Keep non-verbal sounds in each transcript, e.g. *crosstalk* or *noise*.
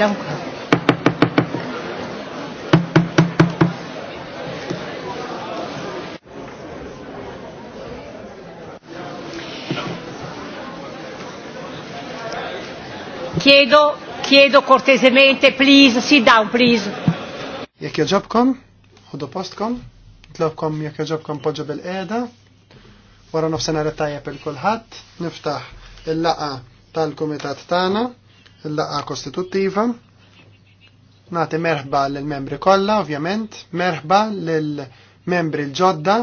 Danke. Chiedo, chiedo cortesemente, please, sit down, please. Jekk jaġabkom, u postkom, tlobkom jekk jaġabkom poġġa bil-qeda, wara nofsenar tajja per kulħadd, niftaħ il-laqa tal-kumitat tagħna il-laqqa kostituttiva. Nati merħba l-membri kollha, ovvjament, merħba l-membri l-ġodda,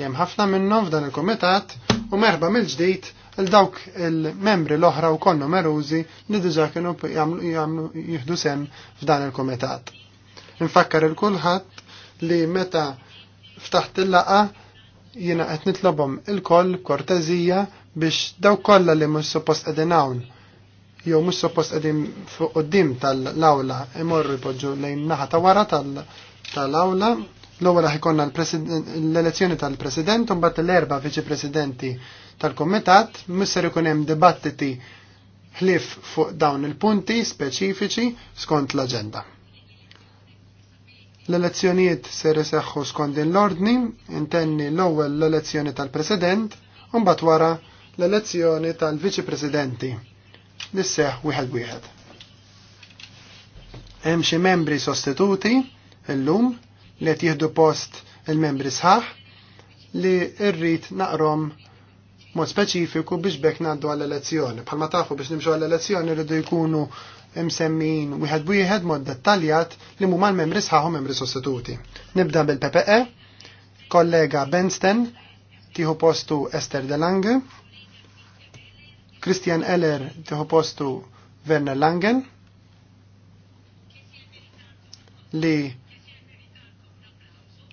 jem ħafna minnhom f'dan il-kumitat, u merħba mill-ġdid l dawk il-membri l-oħra u konnu merużi li diġa kienu jagħmlu jieħdu sem f'dan il-kumitat. Nfakkar il-kulħadd li meta ftaħt il-laqa jiena qed nitlobhom il-koll kortezija biex daw kollha li mhux suppost qegħdin hawn jew mhux suppost qegħdin fuq qudiem tal-awla imorru jpoġġu lejn naħa ta' wara tal-awla. L-ewwel raħ ikollna l-elezzjoni tal-President u mbagħad l-erba' viċi-presidenti tal-Kumitat, misser ikun hemm dibattiti ħlif fuq dawn il-punti speċifiċi skont l-aġenda. L-elezzjonijiet ser iseħħu skont din l-ordni, intenni l-ewwel l-elezzjoni tal-President u mbagħad wara l-elezzjoni tal-Viċi-Presidenti nisseħ wieħed wieħed. Hemm xi membri sostituti llum li qed jieħdu post il-membri sħaħ li rrid naqrom mod speċifiku biex bekk ngħaddu għall-elezzjoni. Bħalma tafu biex nimxu għall-elezzjoni rridu jkunu msemmin wieħed wieħed mod dettaljat li huma l-membri sħaħ u membri sostituti. Nibda bil-PPE, kollega Benston, tieħu postu Esther Delange, Christian Eller tieħu postu Werner Langen li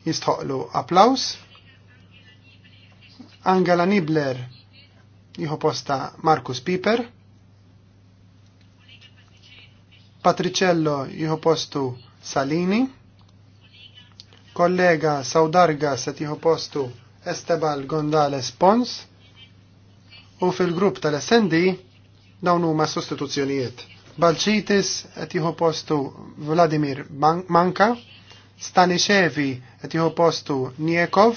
jistħoqlu applaus. Angela Nibler jieħu posta Markus Piper. Patricello jieħu postu Salini. Kollega Saudarga se jieħu postu Estebal Gondales Pons u fil-grupp tal-SND dawn huma sostituzzjonijiet. Balċitis qed jieħu postu Vladimir Manka, Stanishevi qed jieħu postu Niekov,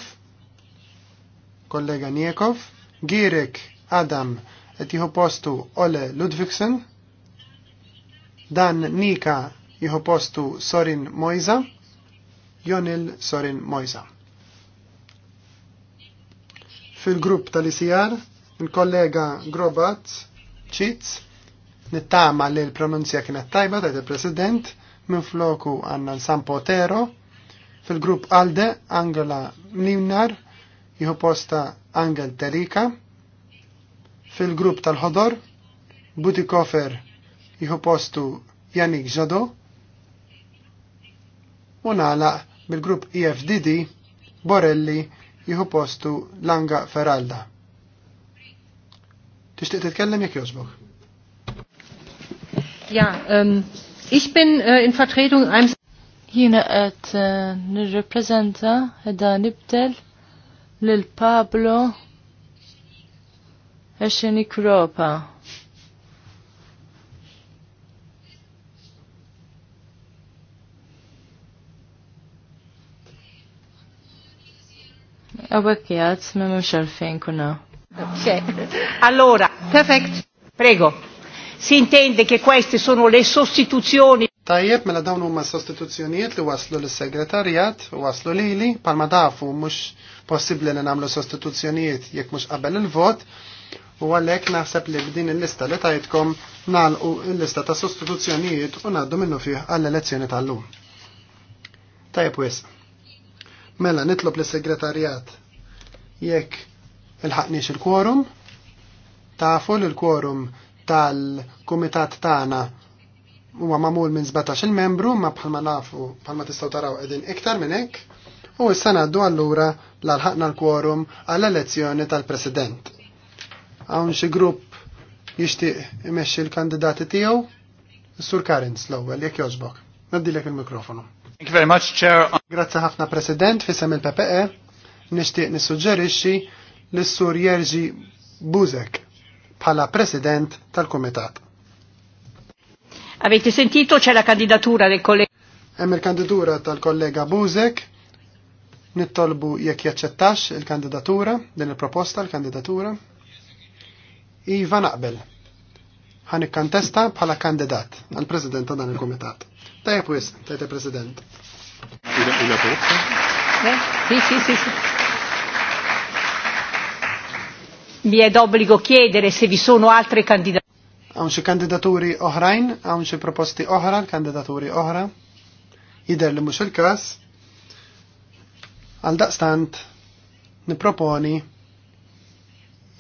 kollega Niekov, Girek Adam qed jieħu postu Ole Ludvigsen, Dan Nika jieħu postu Sorin Mojza, Jonil Sorin Mojza. Fil-grupp tal-ICR il-kollega Grobat Ċitz, nittama li l-pronunzja kienet tajba tajt il-President, minn floku għanna San Potero, fil-grupp Alde Angela Mlimnar, jihu posta Angel Terika, fil-grupp tal-ħodor, Butikofer jihu postu Janik Ġado, u nala bil-grupp IFDD e Borelli jihu postu Langa Feralda. Tixtieq titkellem jekk jogħġbok. Ja, ähm, ich bin äh, in Vertretung eines Jiena qed äh, nirrepreżenta qiegħda nibdel lil Pablo Eschenik Kropa. Għawek jgħat, ma memx għalfejn kuna. Allora, perfect. Prego. Si intende che queste sono le sostituzioni. Tajjeb mela dawn huma sostituzzjonijiet li waslu l segretarjat u waslu lili, palma dafu mhux possibbli li nagħmlu sostituzzjonijiet jekk mhux qabel il-vot, u għalhekk naħseb li b'din il-lista li tajtkom nagħlqu l-lista ta' sostituzzjonijiet u ngħaddu minnu fih għall-elezzjoni tal-lum. Tajjeb wis. Mela nitlob l segretarjat jekk il-ħaqniex il-kworum, tafu l kworum tal-kumitat tagħna huwa magħmul minn 17 il-membru, ma bħalma nafu bħalma tistgħu taraw qegħdin iktar minn hekk, u issa ngħaddu allura l-ħaqna l-kworum għall-elezzjoni tal-President. Hawn xi grupp jixtieq imexxi l-kandidati tiegħu, Sur Karin l-ewwel jekk jogħġbok. Naddilek il-mikrofonu. Thank you very much, Chair. Grazzi ħafna President fissam il-PPE. Nixtieq nissuġġerixxi l-Sur Jerġi Buzek bħala President tal-Komitat. Avete sentito c'è la candidatura del collega? Hemm il-kandidatura tal-kollega Buzek. Nittolbu jekk jaċċettax il-kandidatura, din il-proposta l-kandidatura. Iva naqbel. Ħan ikkantesta bħala kandidat għal president ta' dan il-komitat. Tajja pwis, tajta president. Una, una Sì, sì, sì. mi è d'obbligo chiedere se vi sono altre candidature. Għawn xie kandidaturi oħrajn, għawn xie proposti oħra, kandidaturi oħra. Jider li mux il-kas. Għal daqstant, niproponi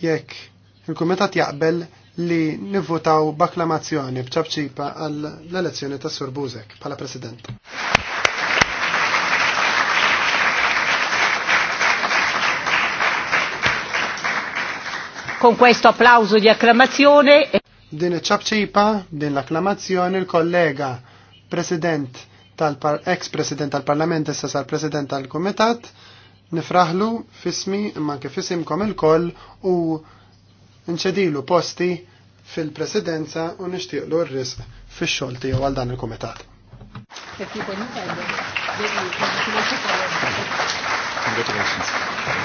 jekk il-Kumitat jaqbel li nivvutaw b'akklamazzjoni bċabċipa għall-elezzjoni ta' Sur Buzek bħala President. con questo applauso di acclamazione. Din ċabċipa, din l-akklamazzjoni, il-kollega president tal-ex-president tal-parlament, issa sar-president tal-komitat, nifraħlu fismi imma kif isimkom il-koll u nċedilu posti fil-presidenza u nixtieqlu r-risq fix-xogħol tiegħu għal dan il-kumitat. Thank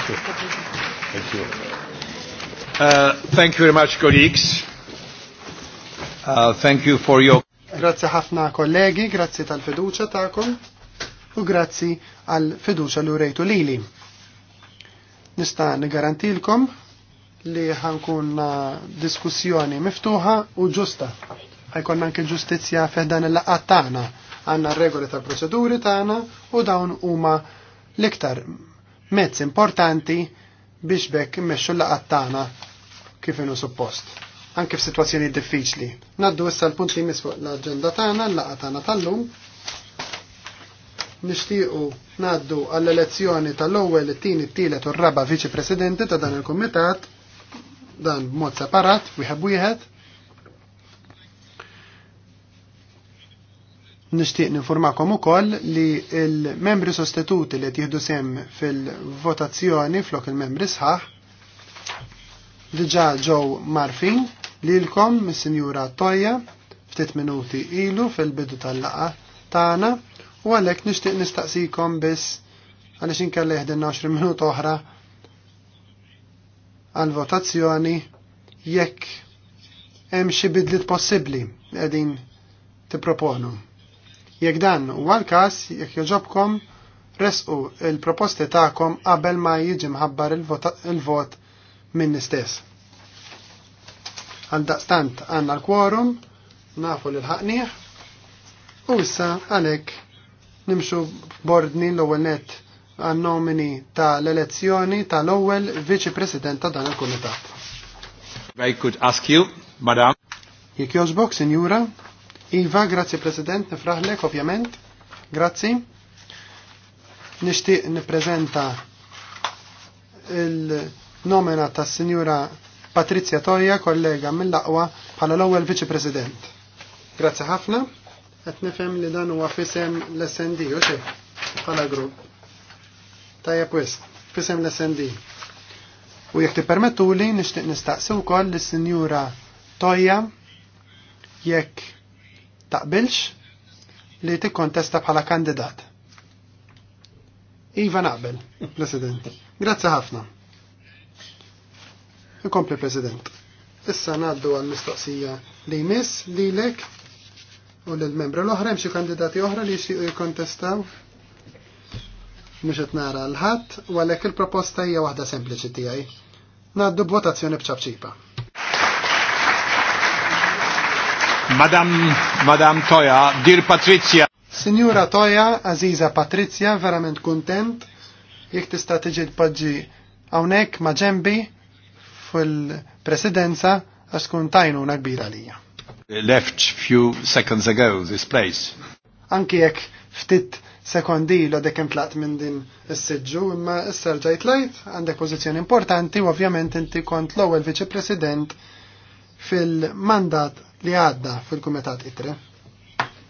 you. Thank you. Uh, thank you very much, colleagues. Uh, thank you for your... Grazzi ħafna kollegi, grazzi tal-fiduċa ta'kom u grazzi għal-fiduċa li urejtu lili. Nista' garantilkom li ħankun diskussjoni miftuħa u ġusta. Ħajkon anke ġustizzja feħdan il-laqat tagħna għandna regoli tal-proċeduri tagħna u dawn huma l-iktar mezz importanti biex bekk immexxu l-laqat tagħna kif inu suppost, anke f'sitwazzjoni diffiċli. Naddu issa l-punt li jmiss fuq l agenda tagħna, l-laqgħa tagħna tal-lum. Nixtiequ naddu għall-elezzjoni tal-ewwel it-tieni t-tielet u r-raba' viċi presidenti ta' dan il-kumitat dan b'mod separat, wieħed wieħed. Nixtieq ninformakom ukoll li l membri sostituti li jieħdu sem fil-votazzjoni flok il-membri sħaħ diġa ġew marfin lilkom mis-Sinjura Toja ftit minuti ilu fil-bidu tal-laqa tagħna u għalhekk nixtieq nistaqsikom biss għaliex inkella 20 minut oħra għal votazzjoni jekk hemm xi bidliet possibbli qegħdin tipproponu. Jekk dan huwa l-każ, jekk jogħġobkom resqu il-proposti tagħkom qabel ma jiġi mħabbar il-vot il vot minn stess. Għaldaqstant għanna l-kworum, nafu l-ħaqniħ, u issa għalek nimxu bordni l-ewwel net għan-nomini ta' l-elezzjoni ta' l-ewwel viċi president ta' dan il komitat I could ask you, madam. Jek jożbok, sinjura. Iva, grazzi president, nifraħlek ovvjament. Grazzi. Nishtiq niprezenta il- nomina tas sinjura Patrizja Toja, kollega mill laqwa bħala l-ewwel viċi-president. Grazzi ħafna, qed nifhem li dan huwa fisem l-SND u xi? bħala grupp. Tajja wis, fisem l-SND. U jekk tippermettu li nixtieq nistaqsi wkoll lis-Sinjura Toja jekk taqbilx li tikkontesta bħala kandidat. Iva naqbel, President. Grazzi ħafna. Ikompli President. Issa naddu għal mistoqsija li jmiss li lek u l-membru l-oħra xi kandidati oħra li xie jikontestaw. Mux nara l-ħat u għalhekk il-proposta hija waħda sempliċi tiegħi. Naddu b'votazzjoni bċabċipa. Madam, Madam Toja, dir Patrizja. Signora Toja, Aziza Patrizja, verament kontent, jek tista tiġi l-podġi għonek ma ġembi, fil-presidenza għaskun tajnu tajnuna kbira lija. Left few seconds ago this place. Anki jekk ftit sekondi l dek tlaqt minn din is-siġġu imma issa ġajt lajt għandek pożizzjoni importanti u ovvjament inti kont l-ewwel viċi-president fil-mandat li għadda fil-Kumitat Itre.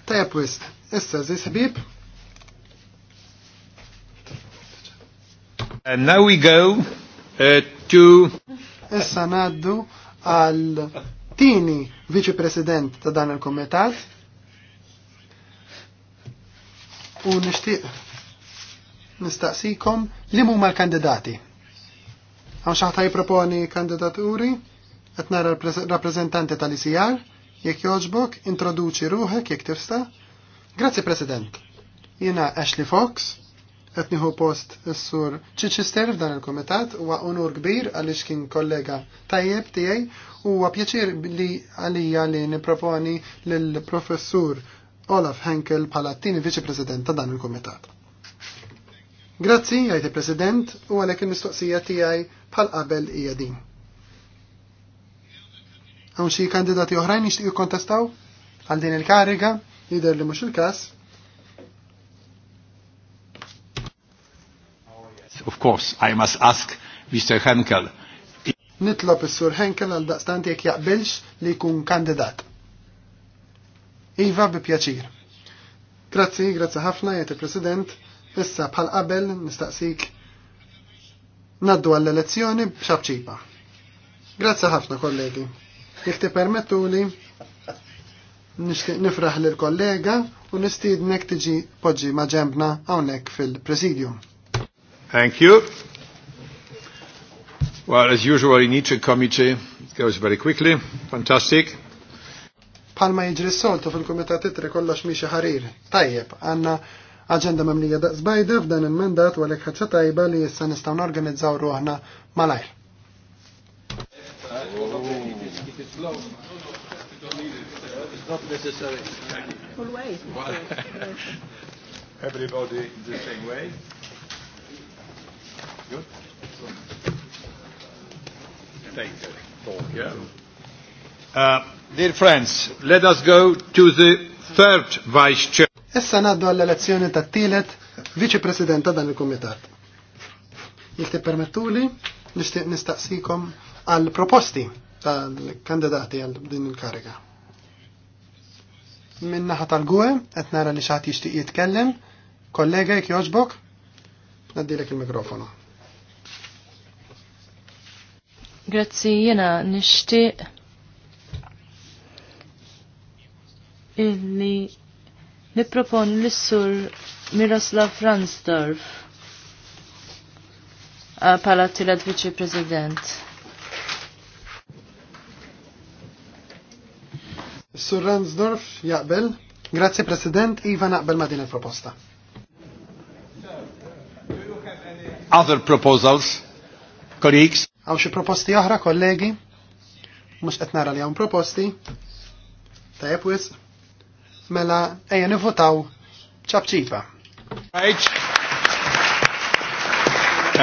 Tajab wis, issa zis ħbib. And now we go uh, to Issa ngħaddu għal tini viċi president ta' dan il-komitat u nishtiq nistaqsikom li huma l-kandidati. Għaw xaħta jiproponi kandidaturi, etna rappresentanti tal-ICR, jek joġbok, introduċi ruħek jek tifsta. Grazie President. Jena Ashley Fox, qed nieħu post s sur Chichester f'dan il-kumitat huwa unur kbir għaliex kien kollega tajjeb tiegħi huwa pjaċir li għalija li nipproponi lill professur Olaf Henkel bħala viċi-president ta' dan il-kumitat. Grazzi għajti president u għalek il-mistoqsija tiegħi bħal qabel hija din. Hawn xi kandidati oħrajn jixtiequ jikkontestaw għal din il-kariga, jidher li mhux il-każ, of course, I must ask Mr. Henkel. Nitlob is-sur Henkel għal daqstant jekk jaqbilx li jkun kandidat. Iva bi pjaċir. Grazzi, grazzi ħafna jgħid il-President. Issa bħal qabel nistaqsik naddu għall-elezzjoni b'xabċiba. Grazzi ħafna kollegi. Jekk permettu li nixtieq nifraħ lill kollega u nistiednek tiġi poġġi ma'ġembna ġembna hawnhekk fil-Presidium. Thank you. Well, as usual, in each committee, it goes very quickly. Fantastic. Palma jiġri soltu fil-Kumitat Titri kollox miexi ħarir. Tajjeb, għanna agenda memlija da' zbajda f'dan il-mandat u għalek ħacċa tajba li jissa nistaw norganizzaw ruħna malajr. Everybody the same way. Uh, dear friends, let us go to the third vice chair. Issa naddu għall-elezzjoni ta' t-tilet viċi presidenta dan il-komitat. Jilti permettuli, nistaqsikom għal-proposti tal-kandidati għal din il-kariga. Minna ħat għal-gwe, għet nara li xaħat jishtiq jitkellem, kollega jek joġbok, naddilek il-mikrofonu. Grazzi, jena nishtiq illi nipropon l-sur Miroslav Ransdorf pala tilat viċi prezident. Sur Ransdorf jaqbel. Grazie President, Iva naqbel ma din il-proposta. Other proposals, colleagues? Għaw xi proposti oħra, kollegi? Mhux qed nara li hawn proposti. Tajjeb wis. Mela ejja ċabċipa. ċabċiba.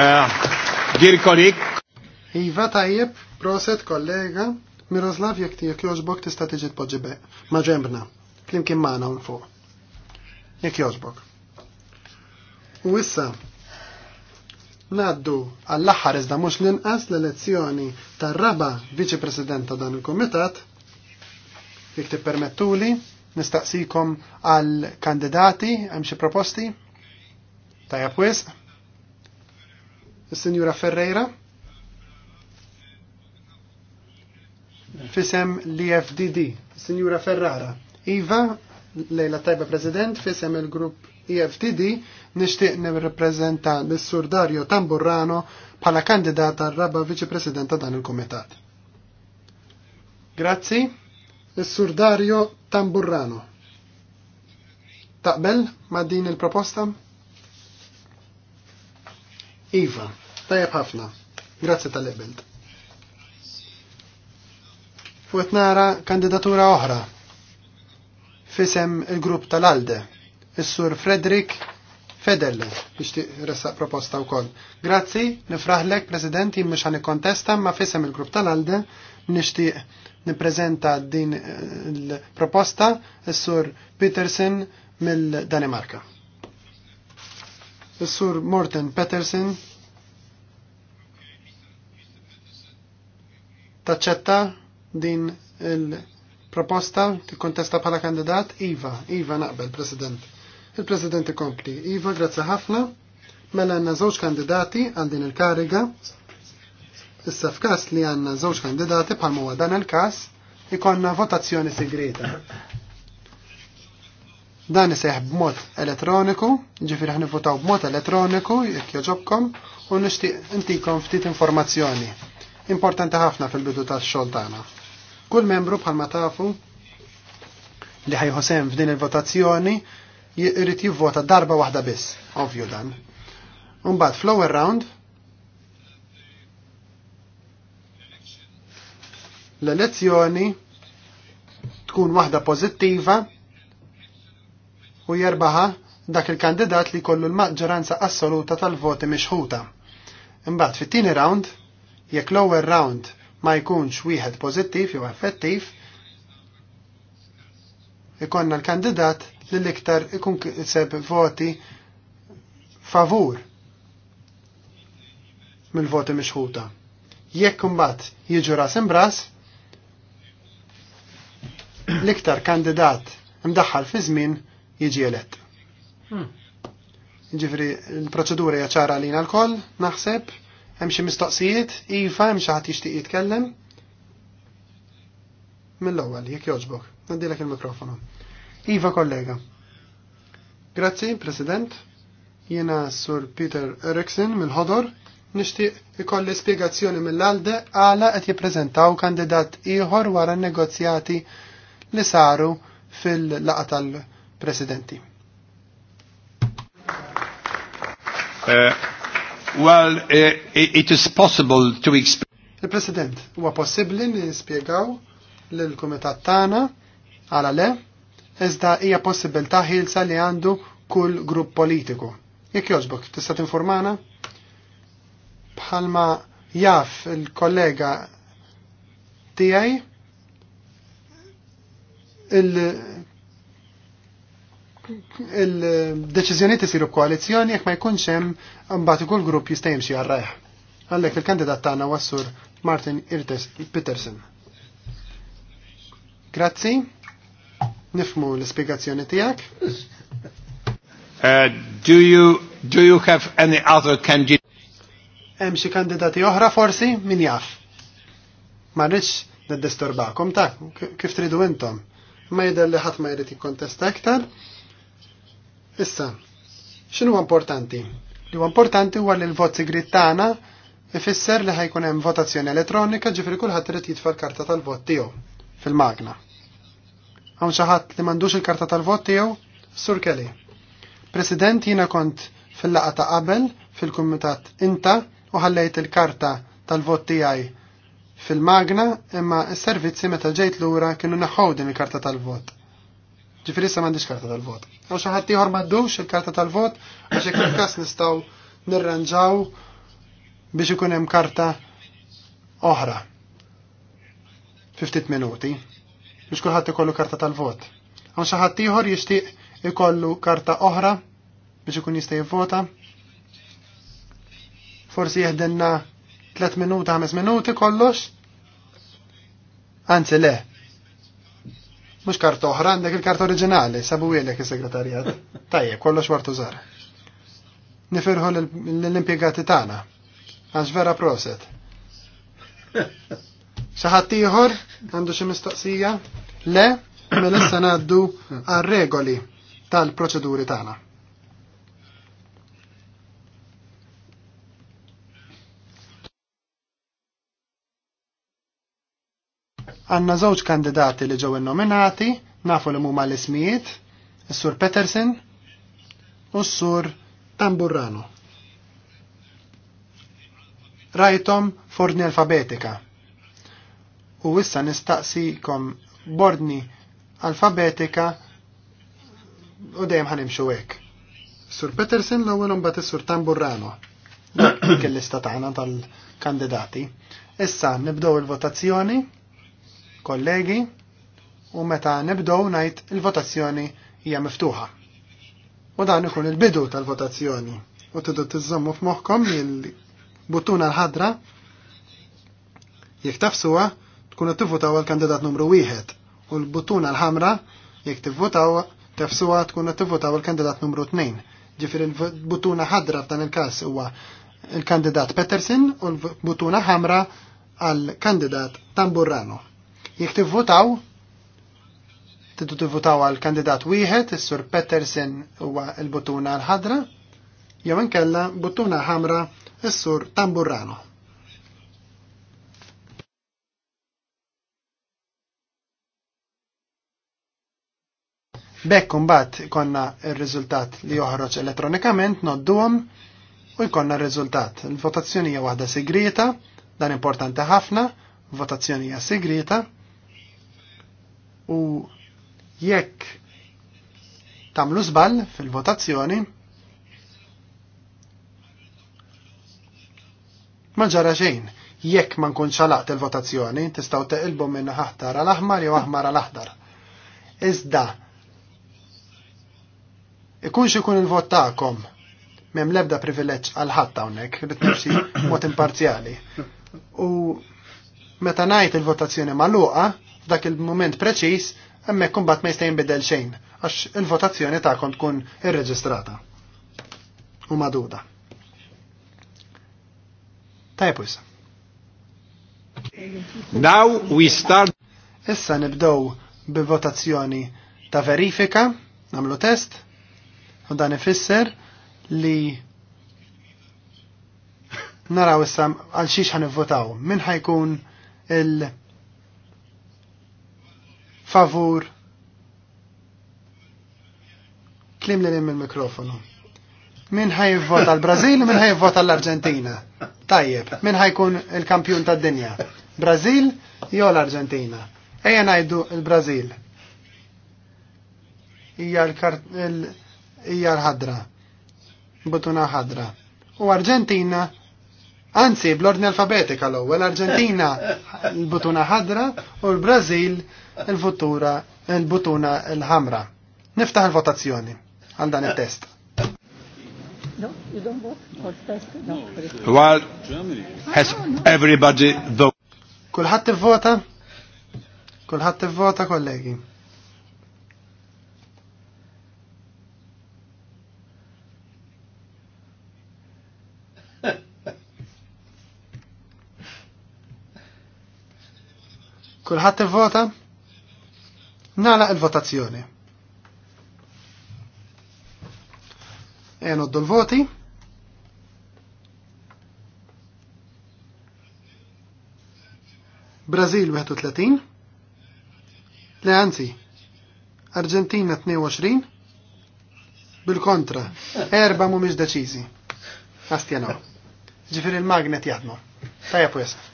Eh, dear kolik. Iva tajjeb, proset kollega, Miroslav jek tijek joġbok tista tiġi poġibbe. maġembna, kim maħna un fuq. Jek joġbok. U issa, Naddu għall-aħħar iżda mhux l-inqas l-elezzjoni tar-raba viċi president ta' dan il-kumitat. Jekk tippermettuli, nistaqsikom għal kandidati hemm xi proposti. Tajab wisq. Is-Sinjura Ferreira. Fisem l fdd Sinjura Ferrara. Iva, lejla tajba president, fisem il-grupp EFTD nixtieq nirrepreżenta l-Sur Dario Tamburrano bħala kandidata r raba viċi-president ta' dan il-Kumitat. Grazzi, is-Sur Dario Tamburrano. Taqbel ma' din il-proposta? Iva, tajab ħafna. Grazzi tal-ebelt. Fuqet nara kandidatura oħra fisem il-grupp tal-Alde Is-Sur Frederick Federle, biex resaq proposta wkoll. Grazzi, nifraħlek President jien mhux ħanikontesta ma fisem il-grupp tal-Alde nixtieq nippreżenta din il-proposta eh, is-Sur Peterson mill-Danimarka. Is-Sur Morten Peterson taċċetta din il-proposta tikkontesta bħala kandidat? Iva, Iva naqbel, President. Il-President ikompli. Iva, grazzi ħafna. Mela għanna żewġ kandidati għal din il-kariga. Issa f'każ li għanna żewġ kandidati bħal huwa dan il-każ ikonna votazzjoni segreta. Dan iseħ b'mod elettroniku, ġifir aħna votaw b'mod elettroniku jekk joġobkom u nixtieq intikom ftit informazzjoni. Importanti ħafna fil-bidu tax-xogħol tagħna. Kull membru bħalma tafu li ħajħosem f'din il-votazzjoni jirrit jivvota darba waħda biss, ovvju dan. Umbat flow round, l-elezzjoni tkun waħda pozittiva u jerbaħa dak il-kandidat li kollu l-maġġoranza assoluta tal-voti mixħuta. Imbagħad fit-tieni round, jekk l round ma jkunx wieħed pożittiv jew effettiv, ikonna l-kandidat li l-iktar ikun seb voti favur mill-voti mixħuta. Jekk imbagħad jiġu ras imbras, l-iktar kandidat imdaħħal fi żmien jiġi elett. Hmm. Ġifri, l-proċedura hija ċara lina l-koll, naħseb, hemm xi mistoqsijiet, iva hemm xi ħadd jixtieq jitkellem. Mill-ewwel, jekk jogħġbok, nadilek il-mikrofonu. Iva kollega. Grazzi, President. Jena Sur Peter Eriksen mill-ħodor nishtiq ikolli spiegazzjoni mill-alde għala qed jippreżentaw kandidat ieħor wara negozjati li saru fil-laqa tal-presidenti. Uh, well, uh, it is possible to explain. Il-President, huwa possibbli nispjegaw lill-Kumitat tagħna għala le iżda hija possibilità ħilsa li għandu kull grupp politiku. Jekk jogħġbok, tista' tinformana? Bħalma jaf il-kollega tiegħi il-deċiżjoni tisiru koalizjoni jekk ma jkunx hemm mbagħad ikun grupp jista' jimxi għarrejħ. Għallek il-kandidat tagħna wassur Martin Irtes Peterson. Grazzi nifmu l-spiegazzjoni tijak. Uh, do, you, do you have any other candidate? Hemm xi kandidati oħra forsi min jaf. Ma rridx niddisturbakom ta' kif tridu intom. Ma jidher li ħadd ma jrid jikkontesta iktar. Issa, x'inhu importanti? Li huwa importanti huwa li l-vot sigrit tagħna ifisser li ħajkun hemm votazzjoni elettronika ġifri kulħadd irid jitfa' l-karta tal-vot tiegħu fil-magna. Għam xaħat li mandux il-karta tal-vot tiegħu? Sur Kelly. President jina kont fil-laqa ta' qabel fil-kumitat inta u ħallejt il-karta tal-vot tiegħi fil-magna imma s-servizzi meta ġejt lura kienu naħħu din il-karta tal-vot. Ġifieri issa m'għandix karta tal-vot. Għaw xi ħadd ieħor il-karta tal-vot għax hekk il-każ nistgħu nirranġaw biex ikun hemm karta oħra. 50 minuti biex kulħadd ikollu karta tal-vot. Għan xi ħadd ieħor jixtieq ikollu karta oħra biex ikun jista' jivvota. Forsi jeħdenna 3 minuti 5 minuti kollox. Anzi le. Mhux karta oħra, għandek il-karta oriġinali, sabu ilek is-segretarjat. *laughs* Tajjeb, kollox wartu żar. Nifirħu l-impjegati tagħna. Għax vera proset. *laughs* Xaħat ieħor għandu xi mistoqsija? Le, mela issa ngħaddu għar-regoli tal-proċeduri tagħna. Għanna żewġ kandidati li ġew nominati nafu li huma l-ismijiet, s sur Petersen u s-Sur Tamburrano. Rajtom forni alfabetika U issa nistaqsikom bordni alfabetika u dejjem ħanimxu hekk. Sur Peterson l-ewwel imbagħad is-Sur Tamburrano. Dik *coughs* il-lista tagħna tal-kandidati. Issa nibdew il-votazzjoni, kollegi, u meta nibdew ngħid il-votazzjoni hija miftuħa. U dan ikun il-bidu tal-votazzjoni. U tidu tiżommu f'moħħkom il-buttuna l-ħadra Jiktafsuha. tafsuha tkun tivvutaw għal-kandidat numru wieħed u l-buttuna l-ħamra jekk tivvotaw, tefsuha tkunu tivvotaw għal-kandidat numru 2. Ġifier il-buttuna ħadra f'dan il-każ huwa il-kandidat Peterson u l-buttuna ħamra għal-kandidat Tamburrano. Jekk tivvotaw, tiddu tivvutaw għal-kandidat wieħed, is-sur Peterson huwa l-buttuna l-ħadra, jew inkella buttuna ħamra is-sur Tamburrano. Bekk mbagħad konna r-riżultat li joħroġ elettronikament nodduhom u jkollna r-riżultat. Il-votazzjoni hija waħda sigrieta, dan importanti ħafna, votazzjoni hija segreta. U jekk tagħmlu żball fil-votazzjoni ma ġara xejn. Jekk ma nkunx xalaqt il-votazzjoni, tistgħu teqilbu minn aħtar għal aħmar jew aħmar għal aħdar. Iżda Ikunx ikun il-vot tagħkom m'hemm l-ebda privileġġ għal ħadd hawnhekk, irid nifsi mod imparzjali. U meta ngħid il-votazzjoni magħluqa, f'dak il-mument preċiż, hemmhekk imbagħad ma jista' jinbidel xejn, għax il-votazzjoni tagħkom tkun irreġistrata u maduda. Tajb issa. Now we start. Issa nibdow bi votazzjoni ta' verifika, namlu test. U dan ifisser li naraw issa għal xiex ħan votaw. Min ħajkun il- favur klim li nim il-mikrofonu. Min ħaj vota l-Brazil, min ħaj vota l-Argentina. Tajjeb, min ħajkun il-kampjun tad dinja Brazil jew l-Argentina. Ejja ngħidu l-Brazil. Hija l-kart hija l-ħadra, butuna ħadra. U Argentina. anzi bl-ordni alfabetika l-ewwel, Argentina l-butuna ħadra u l-Brażil il-futura il-butuna l-ħamra. Niftaħ il-votazzjoni għal dan it-test. No, you don't vote Well, has everybody Kulħadd ivvota? Kulħadd ivvota, kollegi. Kulħadd ivvota? Nalaq il-votazzjoni. Enoddu l-voti. Brazil 31. Le anzi, Argentina 22. Bil-kontra, erba mhumiex deċiżi. Astjanaw. Ġifir il-magnet jaħdmu. Tajja pu jasaf.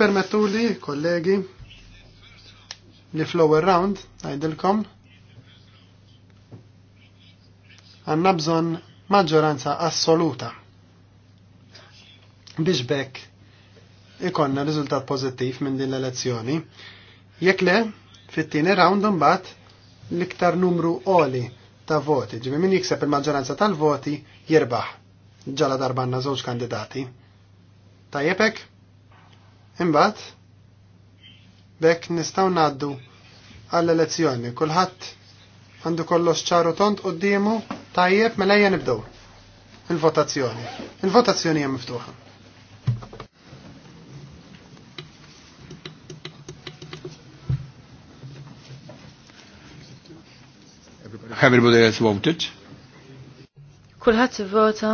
Permettu li, kollegi, li flow round, għajdilkom, għanna bżon maġġoranza assoluta biex bekk ikonna riżultat pozittiv minn din l-elezzjoni. Jekk le, fit-tieni round mbagħad l-iktar numru qoli ta' voti, ġimmi min jikseb il-maġġoranza tal-voti jirbaħ ġala darbanna żewġ kandidati. Tajjebek? Imbagħad bekk nistgħu ngħaddu għall-elezzjoni. Kulħadd għandu kollox ċaru tont qudiemu tajjeb mela ejja nibdew il-votazzjoni. Il-votazzjoni hija miftuħa. Everybody has voted. Kulħadd ivvota.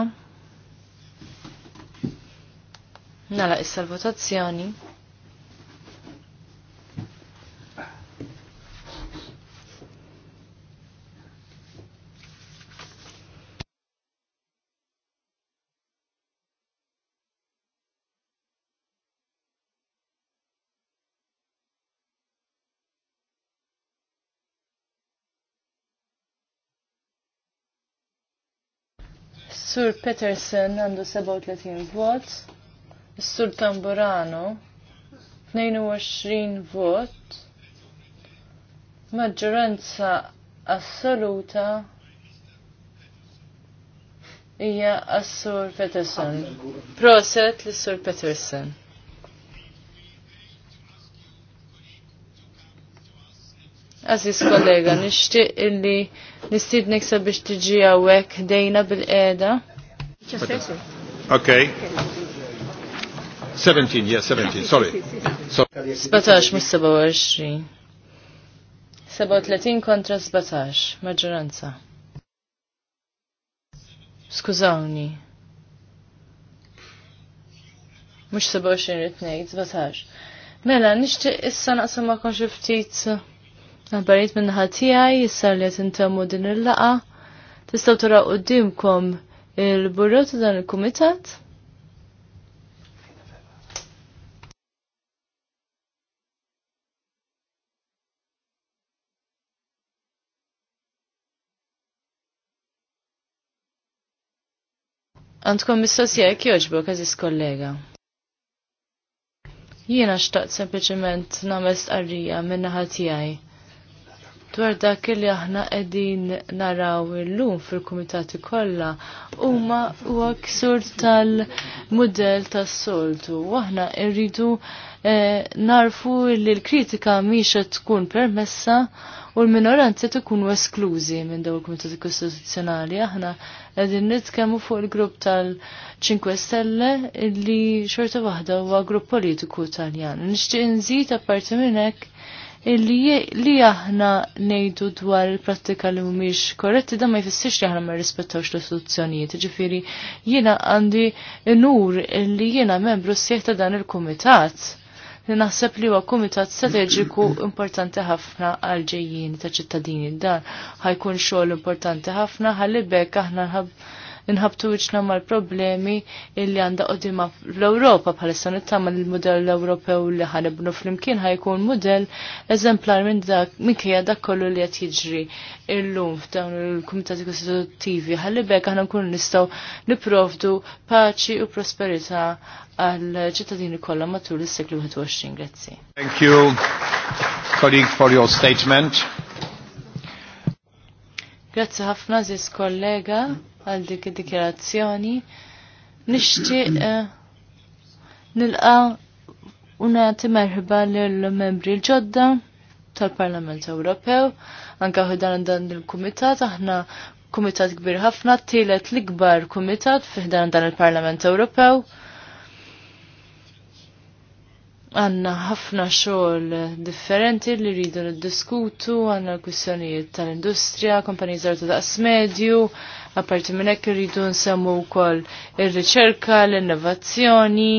Nala issa l-votazzjoni. Sur Peterson għandu 37 vot sur Tamburano 22 vot maġġoranza assoluta hija Assur Peterson. Proset lis-Sur Peterson. Aziz kollega, nishtiq illi nistid neksa biex tiġi għawek dejna bil-eda. Ok. okay. 17, yes, 17, sorry. 17, mis 27. 37 kontra 17, maġġoranza. Skużawni. Mux 27 ritnejt, 17. Mela, nishti issa naqsam ma konx ftit għabarit minn ħatijaj, issa li għatintamu din il-laqa. Tistaw tura qoddimkom il-burro ta' dan il-komitat? Għandkom mistoqsija jekk jogħġbok kazis kollega. Jiena xtaqt sempliċement nagħmel stqarrija minna ħatijaj. tiegħi dwar dak li aħna qegħdin naraw illum fil-kumitati kollha huma huwa ksur tal-mudell tas-soltu. Aħna rridu eh, narfu li l-kritika mhix qed tkun permessa u l-minoranzi tkunu esklużi minn dawn il-kumitati kostituzzjonali. Aħna qegħdin nitkellmu fuq il-grupp tal-5 Stelle li xorta waħda huwa grupp politiku Taljan. Nixtieq nżid apparti minn hekk illi li aħna nejdu dwar il-prattika li mhumiex korretti da ma jfissirx li aħna ma rispettawx l-istituzzjonijiet. Ġifieri jiena għandi nur illi jiena membru sieħ ta' dan il-kumitat li naħseb li huwa kumitat strateġiku importanti ħafna għal ġejjin ta' ċittadini dan ħajkun xogħol importanti ħafna ħalli bekk aħna nħabb inħabtu wiċna mal-problemi illi għanda qodima l-Europa bħalissa nittama l-modell Ewropew li ħanibnu fl-imkien ħajkun modell eżemplar minn dak minkejja dak kollu li qed jiġri illum f'dawn il-kumitati kostituttivi ħallibek aħna nkunu nistgħu nipprovdu paċi u prosperità għal ċittadini kollha matul is-seklu 21. Grazzi. Thank you, colleague, for your statement. Grazzi ħafna, zis kollega għal dik id-dikjerazzjoni. Nixtieq eh, nilqa unati merħba lill-membri l-ġodda tal-Parlament Ewropew, anka ħudan dan il-Kumitat, aħna kumitat kbir ħafna, tielet l-ikbar kumitat fiħdan dan il-Parlament Ewropew għanna ħafna xogħol differenti li rridu niddiskutu, għanna kwistjonijiet tal-industrija, kompaniji żgħar ta' daqs medju, apparti minn hekk irridu nsemmu wkoll ir-riċerka, l-innovazzjoni,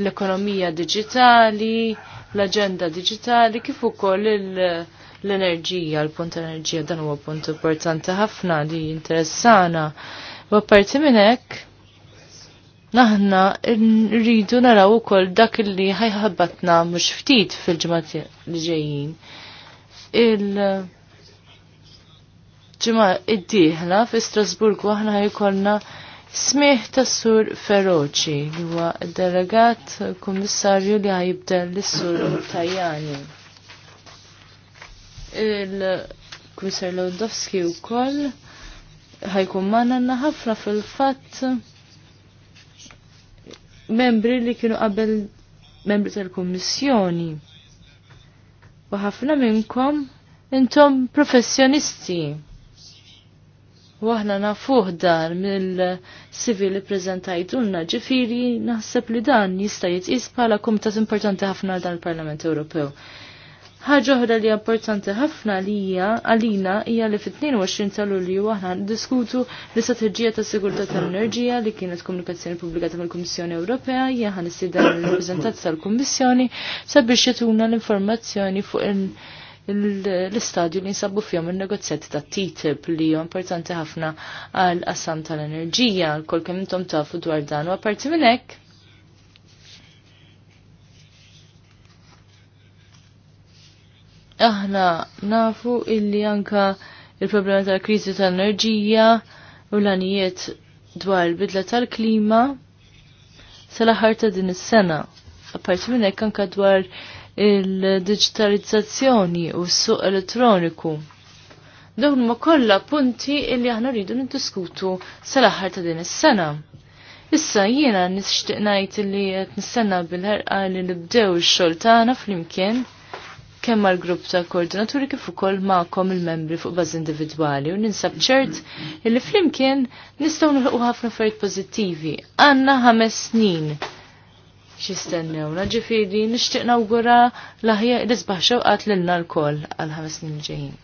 l-ekonomija diġitali, l-aġenda diġitali, kif ukoll l-enerġija, l-punt enerġija dan huwa punt importanti ħafna li interessana. U apparti minn hekk naħna rridu naraw ukoll dak li ħajħabbatna mhux ftit fil-ġimgħat li ġejjin. Il ġimgħa id-dieħla fi Strasburgu aħna ħajkollna smieħ tas sur Feroċi li huwa delegat kummissarju li ħajibdel lis-sur Tajani. Il-Kummissar Lewdowski wkoll ħajkun manna ħafna fil-fatt membri li kienu qabel membri tal-Kummissjoni. U ħafna minnkom intom professjonisti. U aħna nafuh dar mill-sivi li prezentajtulna ġifiri naħseb li dan jista' jitqis bħala kumtat importanti ħafna dal-Parlament Ewropew. Ħaġa oħra li importanti ħafna għalija għalina hija li fit-22 ta' Lulju aħna diskutu l-istrateġija ta' sigurtà tal-enerġija li kienet komunikazzjoni pubblikata mill-Kummissjoni Ewropea hija ħan issida l-rappreżentanti tal-Kummissjoni sabiex jatuna l-informazzjoni fuq l-istadju li nsabu fihom il-negozjati ta' TTIP li huwa importanti ħafna għal qassam tal-enerġija, l-kol intom tafu dwar dan u apparti minn hekk aħna nafu illi anka il-problema tal-kriżi tal-enerġija u l-anijiet dwar il-bidla tal-klima sal-aħħar ta' din is-sena. Apparti minn hekk anke dwar il-digitalizzazzjoni u s-suq elettroniku. Dawn ma kollha punti illi aħna rridu niddiskutu sal-aħħar ta' din is-sena. Issa jiena nixtieq ngħid li qed nistenna bil-ħerqa li nibdew ix-xogħol tagħna flimkien kemm mal grupp ta' koordinaturi kif ukoll ma'kom il-membri fuq baż individwali u ninsab ċert li flimkien nistgħu nilħu ħafna affarijiet pożittivi. Għandna ħames snin xistennewna ġifieri nixtieq nawgura l-aħja l-isbaħ xewqat lilna l-koll għal ħames snin ġejjin.